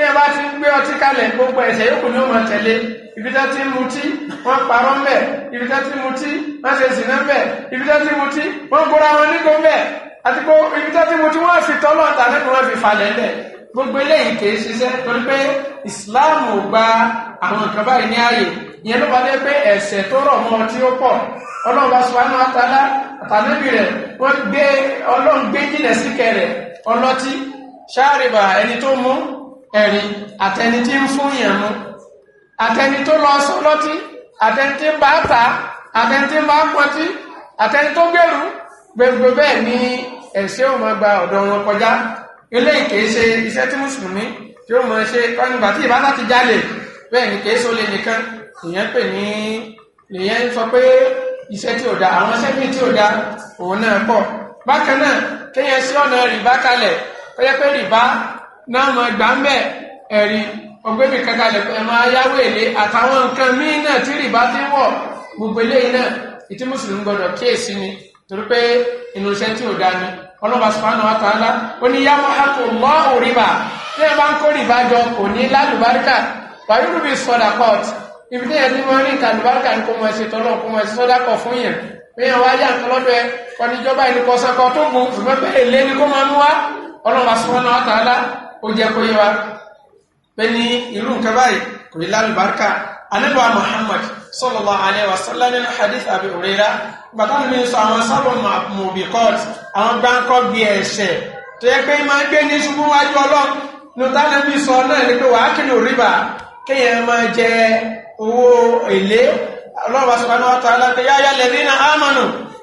tí ẹ bá ti ń gbé ọtí kalẹ̀ gbogbo ẹ̀ṣẹ̀ yòókù ni ó máa tẹ̀lé ibi tó ti ń mutí wọ́n parọ́ mbẹ̀ ibi tó ti ń mutí wọ́n ṣe sìnà mbẹ̀ ibi tó ti ń mutí wọ́n gbóra wọn nígbò mbẹ̀ àti pé ibi tó ti ń mutí wọ́n fi tọ́lọ̀ tàbí kí wọ́n fi falẹ̀ mbẹ̀ gbogbo eléyìí kì í ṣiṣẹ́ torí pé Islam ò gba àwọn nǹkan báyìí ní ààyè ìyẹn ló wọlé pé ẹ̀ṣẹ̀ tó rọ̀ mọ́ ọtí ó pọ̀ ọlọ́run bá sùpánú ẹ̀rí àtẹni tí ń fún yàn mú àtẹni tó lọ sọ lọ́tí àtẹni tí ń bá ta àtẹni tí ń bá pọtí àtẹni tó gbèrú gbogbo bẹ́ẹ̀ ni ẹ̀ṣẹ̀ ò máa gba ọ̀dọ̀ wọn kọjá eléyìí kìí ṣe iṣẹ́ tí mùsùlùmí tí ó máa ṣe kọ́nìgbà tí ìbá láti jálè bẹ́ẹ̀ ni kìí sólè nìkan ìyẹn pè ní ìyẹn sọ pé iṣẹ́ tí ò da àwọn iṣẹ́ bíi tí ò da òun náà pọ̀ bákan náà kéèyàn sí ọ̀nà rìbá kalẹ̀ ó pé rìbá náà mọ̀ gbà ń bẹ̀ ẹ̀rí ọgbẹ́bí kankalẹ̀ ẹ máa yáwó èlé àtàwọn nǹkan náà tí ti wọ̀ gbogbo eléyìí náà ìtí mùsùlùmí gbọdọ̀ kíyèsí ni torí pé inú tí ò dání ọlọ́ba sùpánù àtàlá ó ní yá mọ́hàkù mọ́ òrìbà tí ẹ bá ń kó rìbá jọ kò ní lálùbáríkà sọdà ibi tí ẹni máa ni kò mọ̀ tọ́lọ̀ kò sọdà fún yẹn yẹn wáyà ń tọ́lọ́dọ̀ ẹ kọ́ni ìjọba ó jẹ́ kó yé wa pé ní irú nǹkan báyìí kò ní lálùbáríkà anábọ̀ Muhammad sallallahu alaihi wa sallam nínú hadith Abi Hurairah bàtà mi sọ àwọn sábà mọ̀bìkọ́t àwọn gbáǹkọ́ bí ẹ̀ṣẹ̀ tó yẹ pé máa gbé ní ṣubú wájú ọlọ́run ní tánàbí sọ náà ni pé wàá kìlò rìbà kéèyàn máa jẹ owó èlé ọlọ́run wa subhanahu wa ta'ala pé yáyá lẹ́rìnà ámànù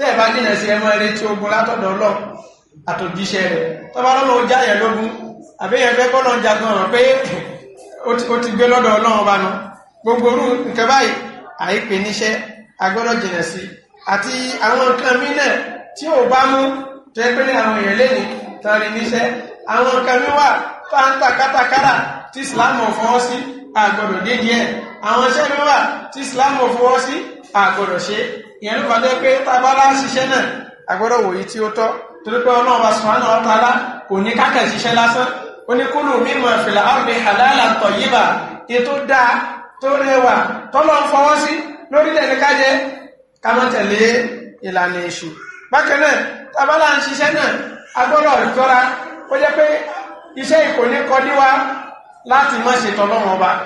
tẹ́ ẹ̀ bá jìnà sí ẹmọ eré tí ogun látọ̀dọ̀ lọ àtòjíṣẹ́ rẹ̀ tọ́ba lọ́lọ́ ó jáyẹ̀ lógún àbẹ́yẹn fẹ́ kọ́ lọ́n jagun hàn pé ó ti gbé lọ́dọ̀ ọlọ́run ọba nu gbogbo orú nǹkan báyìí àìpè níṣẹ́ agbọ́dọ̀ jìnà sí àti àwọn nǹkan mí náà tí ò bá mú tẹ́ pé àwọn èèyàn lẹ́nu tán rí níṣẹ́ àwọn nǹkan mí wà fáńtà kátàkárà tí islam ò fọwọ́ sí àgbọ̀dọ̀ dédìí ẹ̀ àwọn iṣẹ́ mi wà tí islam ò fọwọ́ sí àgbọ̀dọ̀ ṣe ìyẹn ló fàdé pé tábàlá ṣiṣẹ́ náà àgbọ̀dọ̀ wòye tí ó tọ́ torí pé ọlọ́run bá sùnmọ́ náà tálá kò ní kákẹ́ ṣiṣẹ́ lásán ó ní kúlù mímọ̀ fìlà áwùmí àlàálà tọ̀ yíbà iye tó dáa tó rẹwà tọ́lọ́ ń fọwọ́ sí lórílẹ̀ ní kájẹ́ ká má tẹ̀lé ìlànà èṣù bákan náà tábàlá ń ṣiṣẹ́ náà agbọ́dọ̀ ìtọ́ra ó jẹ́ pé iṣẹ́ ìkòní kọ́ níwá láti má ṣe tọ́lọ́run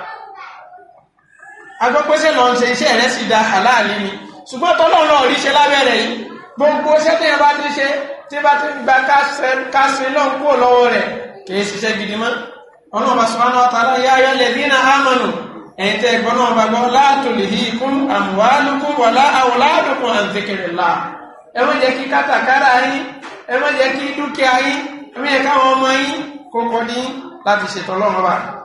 agbọ́pẹ́sẹ̀ lọ ń ṣe iṣẹ́ rẹ̀ sì da aláàlí ni ṣùgbọ́n tọ́lọ́run náà ríṣe lábẹ́rẹ̀ yìí gbogbo iṣẹ́ tí yẹn bá ti ṣe tí bá ti gba káṣe lọ́n kúrò lọ́wọ́ rẹ̀ kì í ṣiṣẹ́ gidi mọ́ ọlọ́run bá sọ̀rọ̀ náà tààlà yá ayọ́ lẹ́bí iná hámánù ẹ̀yìn tẹ́ ẹ̀gbọ́n náà gbàgbọ́ láàtò lè yí ikú àmúwálùkù wọ̀lá àwòládùkù àǹtẹ̀kẹ̀rẹ̀lá ẹ má jẹ́ kí kátàkárà yín ẹ má jẹ́ kí dúkìá yín ẹ má jẹ́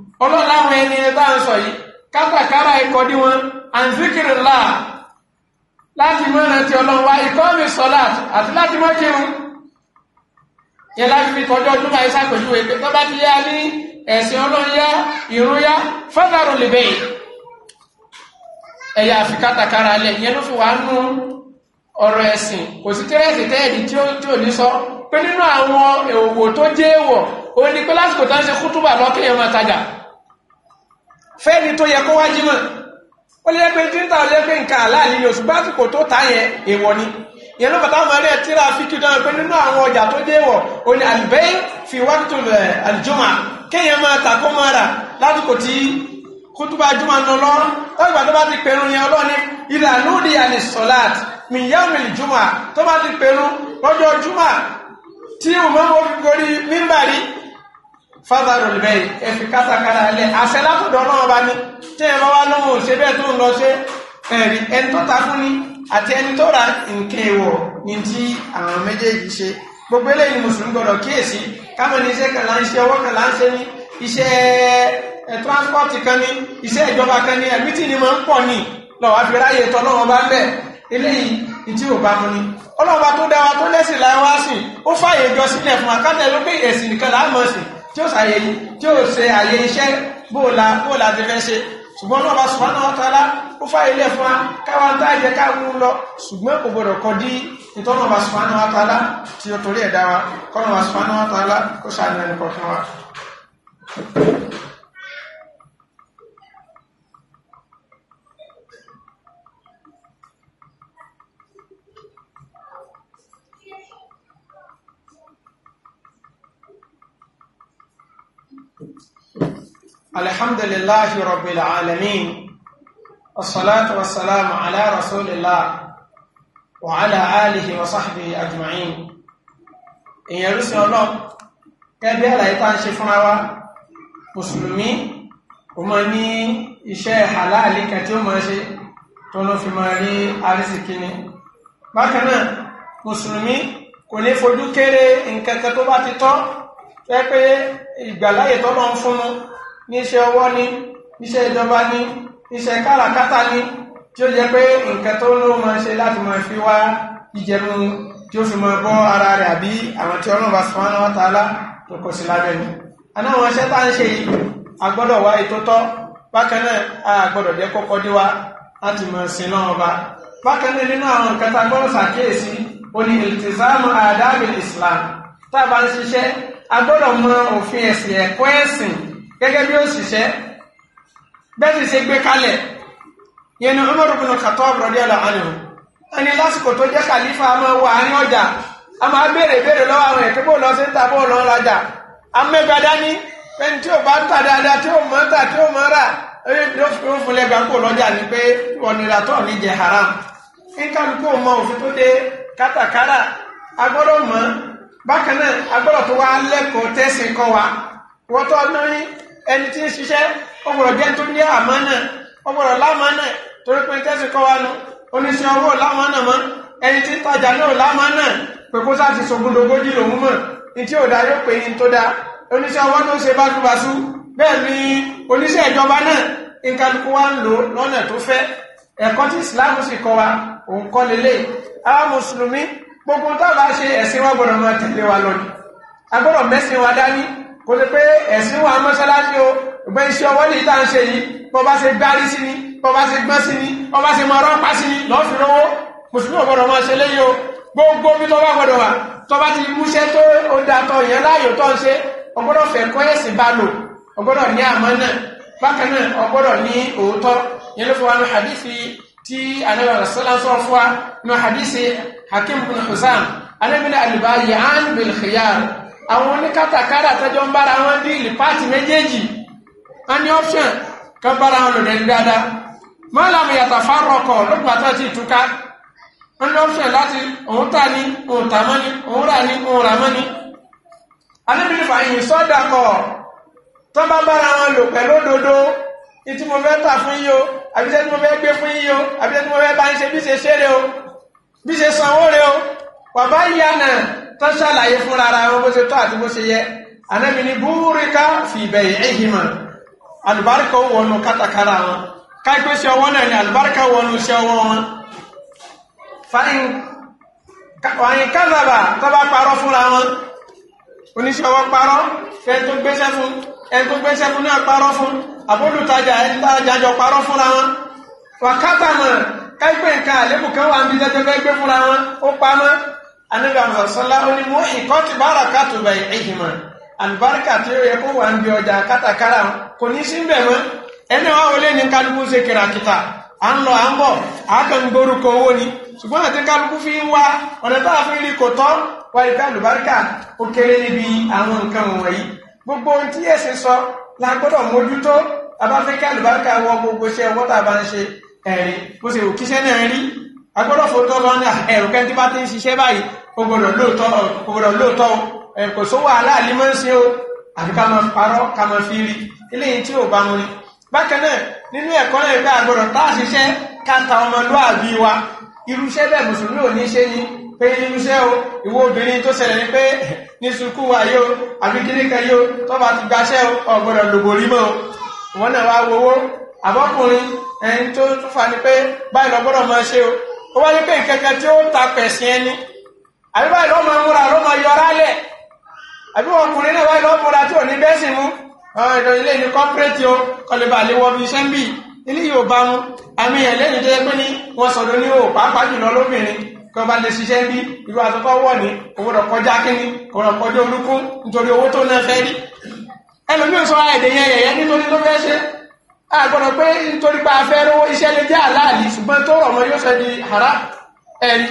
ọlọ́run láwọn ẹni bá ń sọ yìí kátàkárà ikọ̀ dí wọn àǹzíkìrì ńlá láti mọ́ ìrántí ọlọ́run wa ikọ́ mi sọ́lá àti láti mọ́ kírun yẹn láti fi tọ́jú ọdún láì ṣàpèjúwe pé tó bá ti yá ní ẹ̀sìn ọlọ́run yá ìrun yá fọ́nàrún lè bẹ́ẹ̀ ẹ̀yà àfi kátàkárà lẹ̀ yẹn ló fi wà nú ọ̀rọ̀ ẹ̀sìn kò sí tẹ́rẹ́sì tẹ́ẹ̀dì tí ò ní sọ pé nínú àwọn òwò tó jẹ́ èèwọ̀ ó ní pé lásìkò tá ń ṣe kútùbà lọ́kẹ́yẹ̀ tajà fẹ́ni tó yẹ kó wá jímọ̀ ó lè pé títà ó lè pé nǹkan àláàlì ni òṣùgbọ́n àsìkò tó tà yẹn èèwọ̀ ni ìyẹn ló bàtà ọmọ rẹ̀ tíra fi kí dáná pé nínú àwọn ọjà tó dé wọ̀ ó ní àlùbẹ́ fi wákìtò àlùjọ́mà kéèyàn máa tà kó máa rà lásìkò tí kútúbà jùmọ̀ ń lọ lọ́rùn lọ́gbà tó bá ti pẹ̀rùn yẹn ọlọ́ni ìlànà òde àlè sọ̀láàt mìyàwó ìjùmọ̀ tó bá ti pẹ̀rùn lọ́jọ́ jùmọ̀ tí òun wọ́n fi gorí mímbàrí fádàrò lè ẹ̀fì kátàkárà lẹ̀ àṣẹ látọ̀dọ̀ náà bá ní tí ẹ bá wá lóhùn ṣe bẹ́ẹ̀ tó ń lọ ṣe ẹ̀rí ẹni tó takú ni àti ẹni tó ra nǹkan èèwọ̀ ní tí àwọn méjèèjì ṣe gbogbo eléyìí mùsùlùmí gbọdọ̀ kíyèsí káwọn ní iṣẹ́ kan là ń ṣe ọwọ́ kan là ń ṣe ní iṣẹ́ transport kan ní iṣẹ́ ìjọba kan ní ẹ̀mí tí ni máa ń pọ̀ ní lọ́wọ́ àfi ráyè tọ́ náà bá ń bẹ̀ eléyìí ìtí ò bá mu ni ọlọ́wọ́ tó dá wa tó tí ó ṣàyè yìí tí ó ṣe àyè iṣẹ́ bóòlà bóòlà ti fẹ́ ṣe ṣùgbọ́n náà bá ṣùgbọ́n náà tọ́lá ó fà ilé fún wa káwa ń táàjẹ káàmú lọ ṣùgbọ́n kò gbọdọ̀ kọ dí ìtọ́nà bá ṣùgbọ́n náà tọ́lá tí ó torí ẹ̀dá wa kọ́nà bá ṣùgbọ́n náà tọ́lá kó ṣàyẹ̀ ẹnì kọ̀ọ̀kan wa. الحمد لله رب العالمين والصلاة والسلام على رسول الله وعلى آله وصحبه أجمعين إن رسول الله ẹbí àlàyé tá ń ṣe fúnra wa mùsùlùmí ó máa ní iṣẹ́ àláàlì kan tí ó máa ṣe tó ló fi máa rí àrísìkí ni bákan náà mùsùlùmí kò ní fojú kan tó bá ti tọ́ tó yẹ pé ìgbàláyè tó lọ níṣẹ́ ọwọ́ ní níṣẹ́ ìjọba ní níṣẹ́ káràkátà ní tí ó jẹ́ pé nǹkan tó ló máa ṣe láti máa fi wá ìjẹmu tí ó fi máa bọ́ ara rẹ̀ àbí àwọn tí ọlọ́run bá subhanahu wa ta'ala tó kò sí lábẹ́ ni. àná àwọn iṣẹ́ tá à ń ṣe yìí a gbọ́dọ̀ wá ètò tọ́ bákan náà a gbọ́dọ̀ jẹ́ kọ́kọ́ dé wa láti máa sin náà ọba. bákan náà nínú àwọn nǹkan tá a gbọ́dọ̀ ṣàkíyèsí ó ní ìltìsáàmù àdáàbì islam tá a bá ń ṣiṣẹ́ a mọ òfin ẹ̀sìn ẹ̀kọ́ ẹ̀sìn gẹ́gẹ́ bí òṣìṣẹ́ sì ṣe gbé kalẹ̀ yẹnu ni Umar ibn Khattab radiyallahu anhu ẹni lásìkò tó jẹ́ kàlífà a máa wà àárín ọjà a máa béèrè béèrè lọ́wọ́ àwọn èèyàn kébò lọ sí ń ta bó lọ rajà dání ẹni tí bá ń ta dáadáa tí ta tí mọ̀ rà ẹni fún kó lọ́jà ni pé haram mọ òfin tó dé kátàkárà agbọ́dọ̀ bákan náà agbọ́dọ̀ tó wá lẹ́kọ̀ọ́ tẹ́sìn kọ́ wa ẹni tí ń ṣiṣẹ́ ọgbọ̀rọ̀ jẹ́ tó ní àmọ́ náà ọgbọ̀rọ̀ lámọ́ náà torí pé tẹ́sí kọ́ wa nu oníṣẹ́ owó lámọ́ náà mọ́ ẹni tí ń tajà náà lámọ́ náà pé kó sáà ti sogundogójì lòun mọ̀ ní tí ò dá yóò pè ní tó dá oníṣẹ́ owó tó ṣe báṣubàṣu bẹ́ẹ̀ ni oníṣẹ́ ìjọba náà nǹkan kó wa ń lò lọ́nà tó fẹ́ ẹ̀kọ́ tí Islam sì kọ́ wa òun kọ́ lélẹ̀ àwọn mùsùlùmí gbogbo táwọn ṣe ẹ̀sìn wa gbọ́dọ̀ máa tẹ̀lé wa lọ ni mẹ́sìn wa dání kò sí pé ẹ̀sìn wà mọ́ṣáláṣí o ìgbẹ́ iṣẹ́ ọwọ́ ní ìta ń ṣe yìí bọ́ bá ṣe gbárí sí ni bọ́ bá ṣe gbọ́n sí ni bọ́ bá ṣe mọ ọlọ́pá sí ni lọ́ọ́ mùsùlùmí ò máa ṣe léyìí o gbogbo bí tó gbọ́dọ̀ wà tó ti múṣẹ́ tó ó da tọ ìyẹn láàyò tó ń ṣe o fẹ́ kọ́ ẹ̀sìn bá lò o ní àmọ́ náà bákan náà o ní òótọ́ yẹn ló fi wá ní hadithi tí anabi sọlá sọ fún wa ní hadithi hakim bin husam anabi ní an bil khiyar àwọn oníkátàkárà tẹ́jọ́ ń bára wọn díìlì pààtì méjèèjì a ní option kan bára wọn lò lẹ́nu dáadáa mọ́làmù yàtà fárọkọ̀ lọ́gbà tó ti túká a ní option láti òun tà ní òun tà mọ́ ní òun rà ní òun rà mọ́ ní. alébìlì sọ́dà kọ̀ tó bá bára wọn lò pẹ̀lú òdodo ìtí mo fẹ́ tà fún yín àbíṣẹ́ tí mo fẹ́ gbé fún yín àbíṣẹ́ tí mo fẹ́ bá ń ṣe bí ṣe ṣe bàbá ìyá náà tó ṣàlàyé fúnra ara wọn bó ṣe tó àti bó ṣe yẹ ànábi ní búrúkà fi ìbẹ̀yẹ̀ ìhìmọ̀ alùbáríkà wọnú kátàkárà wọn káìpé ṣe ọwọ́ náà ni alùbáríkà wọnú ṣe ọwọ́ wọn fàyín kázàbà tó bá parọ́ fúnra wọn oníṣẹ́ ọwọ́ parọ́ fẹ́ tó gbéṣẹ́ fún ẹni tó gbéṣẹ́ fún náà parọ́ fún àbólùtajà ẹni tájàjọ parọ́ fúnra wọn wàkátà náà káìpé nǹkan àlébù kan wà níbi tẹ́tẹ́ fẹ́ gbé fúnra wọn ó pamọ́ anabi amusasala oni mu ìkọ́tí báraka tó bá ìhìmọ̀ àlùbáríkà tí ó yẹ kó wà ń bi ọjà kátàkárà kò ní sí bẹ̀ mọ́ ẹni wá wọlé ní kálukú ṣe kìràkìtà à ń lọ à ń bọ̀ àákan gbórúkọ owó ni ṣùgbọ́n àti kálukú fi ń wá ọ̀nà tá a fi rí kò tọ́ wáyé ká àlùbáríkà ó kéré níbi àwọn nǹkan wọ̀nyí gbogbo ohun tí ẹ̀sìn sọ la gbọ́dọ̀ mójútó abáfẹ́kẹ́ àlùbáríkà wọ gbogbo iṣẹ́ wọ́tà bá ń ṣe ẹ̀rín bó ṣe òkíṣẹ́ náà rí agbọ́dọ̀ fòótọ́ lọ́nà ah, ẹ̀rù kẹ́ntì bá ti ń ṣiṣẹ́ báyìí o gbọ́dọ̀ lóòótọ́ o gbọ́dọ̀ lóòótọ́ o ẹ̀kọ́ sówó aláàlí máa ń ṣe o àfi ká máa parọ́ ká máa fi rí eléyìí tí ò bá mu ni. bákan náà nínú ẹ̀kọ́ náà ìgbà àgbọ̀dọ̀ tá a ṣiṣẹ́ ká ta ọmọlúàbí wa irúṣẹ́ bẹ́ẹ̀ mùsùlùmí ò ní ṣe ni pé irúṣẹ́ o ni pé ní sukú wa yóò àbí kíníkà yóò tó bá ti gbaṣẹ́ o ọ̀gbọ̀dọ̀ lòbòrí mọ́ o wọn náà wá wowó àbọ́kùnrin ẹni tó ni àbí báyìí lọ́mọ múra lọ́mọ yọra lẹ̀ àbí ọkùnrin náà báyìí lọ́mọ múra tí ò ní bẹ́sì mú àwọn ìdọ̀ ilé ní kọ́pírẹ́tì o kọlẹ̀bà lè wọ bí iṣẹ́ ń bì ilé yóò bá mú àmì ẹ̀ lẹ́yìn tó yẹ pé ní wọ́n sọ̀dọ̀ ní o pàápàá jùlọ lóbìnrin kí wọ́n bá lè ṣiṣẹ́ ń bí irú àtọ́kọ́ wọ̀ ní owó rọ̀ kọjá kínní owó rọ̀ kọjá olúkún nítorí owó tó náà fẹ́ rí ẹlòmíràn sọ èdè yẹn yẹ̀yẹ́ nítorí tó fẹ́ ṣe àgbọ̀dọ̀ pé nítorí pé a fẹ́ rówó iṣẹ́ lè jẹ́ àláàlì ṣùgbọ́n tó rọ̀ mọ́ yóò fẹ́ di haram ẹ̀rí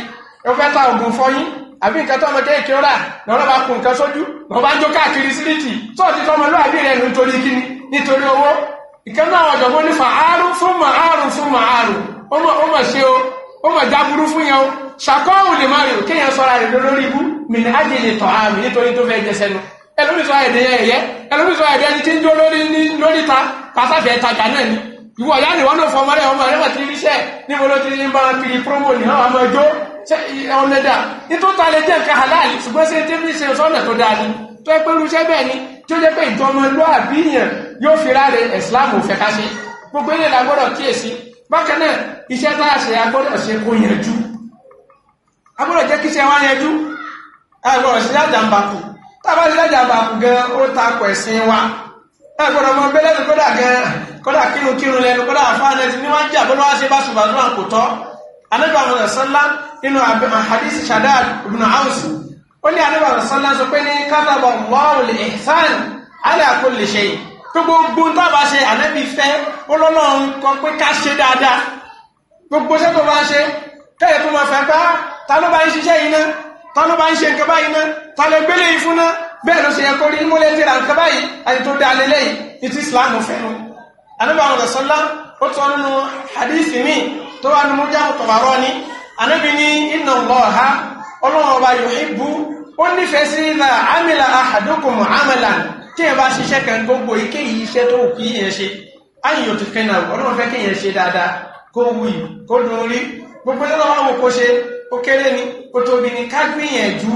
ó fẹ́ ta ògùn fọyín àbí nǹkan tó ọmọdé ìkẹ́ ọ́rà lọ́rọ́ bá kun nǹkan sójú lọ́rọ́ bá ń jó káàkiri síríìtì sọ́ọ̀tì tó ọmọlúwàbí rẹ̀ nítorí kíni nítorí owó ìkan náà àwọn ọ̀jọ̀gbọ́n nífa àárùn fún mà àárùn fún mà àárùn ó mà ṣe o ó mà jáburú fún yẹn o ṣàkóhùn lè má rí o kéèyàn sọ́ra rẹ̀ lórí ibú mìíràn á dìde tọ̀ àmì nítorí tó fẹ́ jẹ sẹ́nu ẹlòmíì ni ìwọ ìyá ni wọn náà fọmọ rẹ ọmọ rẹ wọn ti ríṣẹ níbo ló ti ń bá kiri promo ní àwọn ọmọ ẹjọ́ ọ̀nà dà nítorí ta lè jẹ́ nǹkan halal ṣùgbọ́n ṣe tí mi ṣe sọ́nà tó dáa ni tó pé irúṣẹ́ bẹ́ẹ̀ ni tí ó jẹ́ pé ìtọ́mọ ló àbíyàn yóò fi ráre ìsìláàmù fẹ́ ká ṣe gbogbo ilé la gbọ́dọ̀ kíyèsí bákan náà iṣẹ́ tá a ṣe a gbọ́dọ̀ ṣe kó yanjú a gbọ́dọ̀ jẹ́ kíṣẹ́ wá yanjú a gbọ́dọ̀ ṣe lájàmbákù tá a bá ṣe lájàmbákù gan ni wọ́n ń jà bọ́lá wá ṣe anábà wọn sọ́lá nínú àhàdísì Shaddad ibn Aws ó ní anábà wọn sọ́lá sọ pé ní kataba Allahu al-ihsan ala kulli shay tó gbogbo ń tábà ṣe ànábì fẹ́ ọlọ́lọ́run kan pé ká ṣe dáadáa gbogbo ṣẹ́ tó bá ń ṣe kẹ́yẹ̀ tó máa fẹ́ pé ta ló bá ń ṣiṣẹ́ yìí ná ta ló bá ń ṣe nǹkan báyìí ná ta lè gbélé Islam fẹ́ nu anábà wọn sọ́lá ó tọ́ nínú mi tó wà ní mújáàmù tọ̀bàrọ́ ni anábì ní inna Allaha ọlọ́run ọba yuhibbu ó nífẹ̀ẹ́ sí ilà amila ahadukum amalan tí ẹ bá ṣiṣẹ́ kan gbogbo ike yìí iṣẹ́ tó kí yẹn ṣe ayò tó fẹ́ náà ọlọ́run fẹ́ kí yẹn ṣe dáadáa kó wuyì kó dùn rí gbogbo ẹ̀rọ àwọn kó ṣe ó kéré ni ó tóbi ni ká gbìyànjú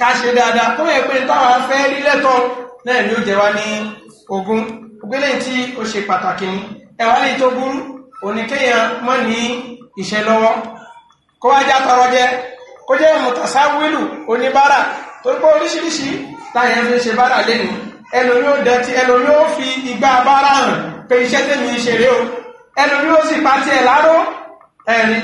ká ṣe dáadáa ní tó burú oníkéyàn mọ́ ní iṣẹ́ lọ́wọ́ kó wá já tọrọ jẹ kó jẹ́ mùtàsá wílù oníbàárà torí pé oríṣiríṣi táyà fi ń ṣe bàárà lẹ́nu ẹlòmí ó dẹ̀tí ẹlòmí ó fi igbá bàárà hàn pé iṣẹ́ tèmi ìṣeré o ẹlòmí ó sì pàtí ẹ̀ láró ẹ̀rin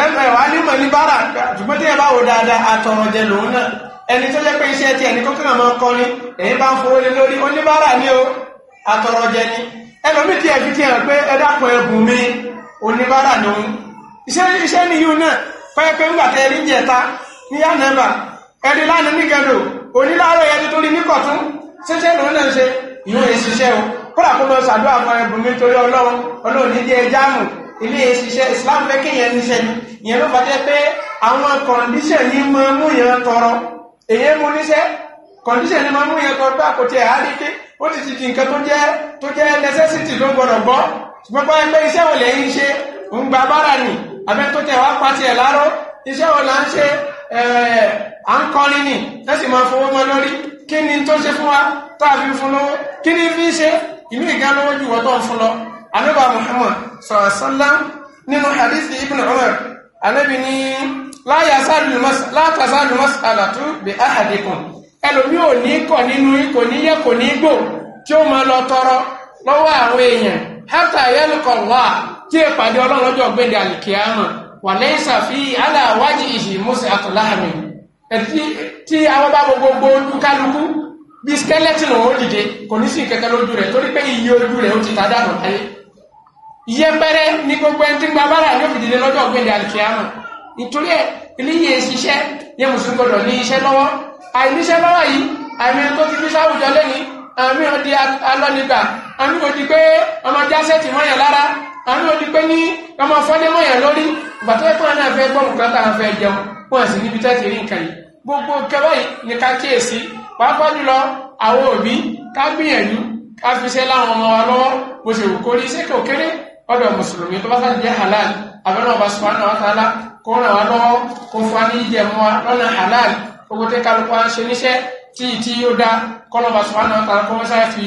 ẹ̀mẹ̀ wà nímọ̀ ní bàárà ṣùgbọ́n tí ẹ bá wò dáadáa àtọrọ jẹ lòun náà ẹni tó jẹ́ pé iṣẹ́ ti ẹnì kókó náà máa kọrin ẹ̀yin bá ń fowó lé lórí oníbàárà ni o àtọrọ jẹ ni ẹlòmí tí ẹ̀fí ti hàn pé ẹ̀dàpọ̀ ẹ̀bùn mi oníbàárà ni òun iṣẹ́ níyù náà fẹ́ pé ńgbà tẹ ẹ̀rí jẹta ní yánẹ́bà ẹ̀rí lánàá ní gẹ̀dọ̀ oníláàrọ̀ ẹ̀rí tó rí níkọ̀tún ṣíṣẹ́ lòun náà ṣe ìwé ìṣiṣẹ́ o kódà kó lọ ṣàdúrà fún ẹ̀bùn mi torí ọlọ́run ọlọ́run ní díẹ̀ Islam fẹ́ kéèyàn níṣẹ́ ni ìyẹn ló fàjẹ́ pé àwọn kọ̀ǹdíṣẹ̀ yìí mọ́ mú yẹn condition ni mamu mú yẹn tọ́ pé àkótí ẹ̀ á rí pé ó ti ti di nǹkan tó jẹ́ tó jẹ́ necessity ló gbọdọ̀ gbọ́ ṣùgbọ́n pé pé iṣẹ́ wo lè ń ṣe ń gba bára nì abẹ́ tó tẹ̀ wá pàṣẹ ẹ̀ láró iṣẹ́ wo là ń ṣe à ń kọrin nì ẹ sì máa fowó mọ́ lórí kí ni tó ṣe fún wa tá a fi fún lówó kí ni fi ṣe ìlú ìgá lówó ju wọ́n tó ń fún lọ anábà Muhammad sọ̀rọ̀ sọ́lá nínú hadith ibn Umar anábì ní láyà sáà lùmọ́sálà tó bí ẹlòmí ò ní kọ̀ nínú kò ní yẹ kò ní gbò tí ó máa lọ tọrọ lọ́wọ́ àwọn èèyàn hátà yẹ́lùkọ̀ wà tí ìpàdé ọlọ́run lọ́jọ́ gbẹ̀dẹ̀ àlìkíyàmà wà lẹ́yìn sàfi aláwájì ìhì mọ́sí àtọ̀láàmì tí àwọn bá gbogbo ojú kálukú bí skeleton ò dìde kò ní sí kẹkẹ lójú rẹ̀ torí pé iye ojú rẹ̀ ó ti ta dànù láyé yẹpẹrẹ ní gbogbo ẹni tí gba bára ní òfìdílé lọ́jọ́ gbẹ̀dẹ̀ àlìkíyàmà nítorí ẹ ilé yẹ ṣiṣẹ́ yẹ mùsùlùmí gbọdọ̀ ní iṣẹ́ lọ́wọ́ àìníṣẹ́ lọ́wọ́ yìí àmì ẹni tó ti fi sáwùjọ lẹ́ni àmì ọ̀ di alọ́nigbà àmì ò di pé ọmọ jásẹ́tì mọ́yàn lára àmì ò di pé ní ọmọ fọ́dé mọ́yàn lórí ìgbà tó yẹ kó ni ká kíyèsí pàápàá jùlọ àwọn òbí ká gbìyànjú ká fi ṣe láwọn ọmọ wa lọ́wọ́ bó mùsùlùmí tó bá sáà jẹ́ halal àbẹ̀rẹ̀ ọba subhanahu wa ta'ala kó ràn wá lọ́wọ́ kó fún wa ní ìjẹ̀mú lọ́nà halal owó tẹ kálukú à ń ṣe níṣẹ́ tí tí yóò dá kọlọba sùpánà tàn kọ́ sáà fi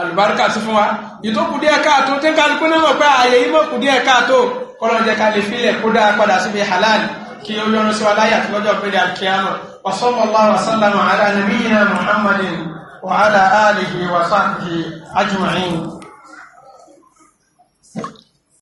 àlùbáríkà sí fún wa ìtòkù díẹ̀ káàtó tẹ kálukú náà mọ̀ pé ààyè yìí mọ̀ kù díẹ̀ káàtó kọlọ́njẹ́ ká lè filẹ̀ kó dáa padà síbi halal kí ó yọnu wa láyé àti lọ́jọ́ pé dáa kíámà wa wa sallama ala nabiyyina muhammadin wa ala alihi wa sahbihi ajma'in.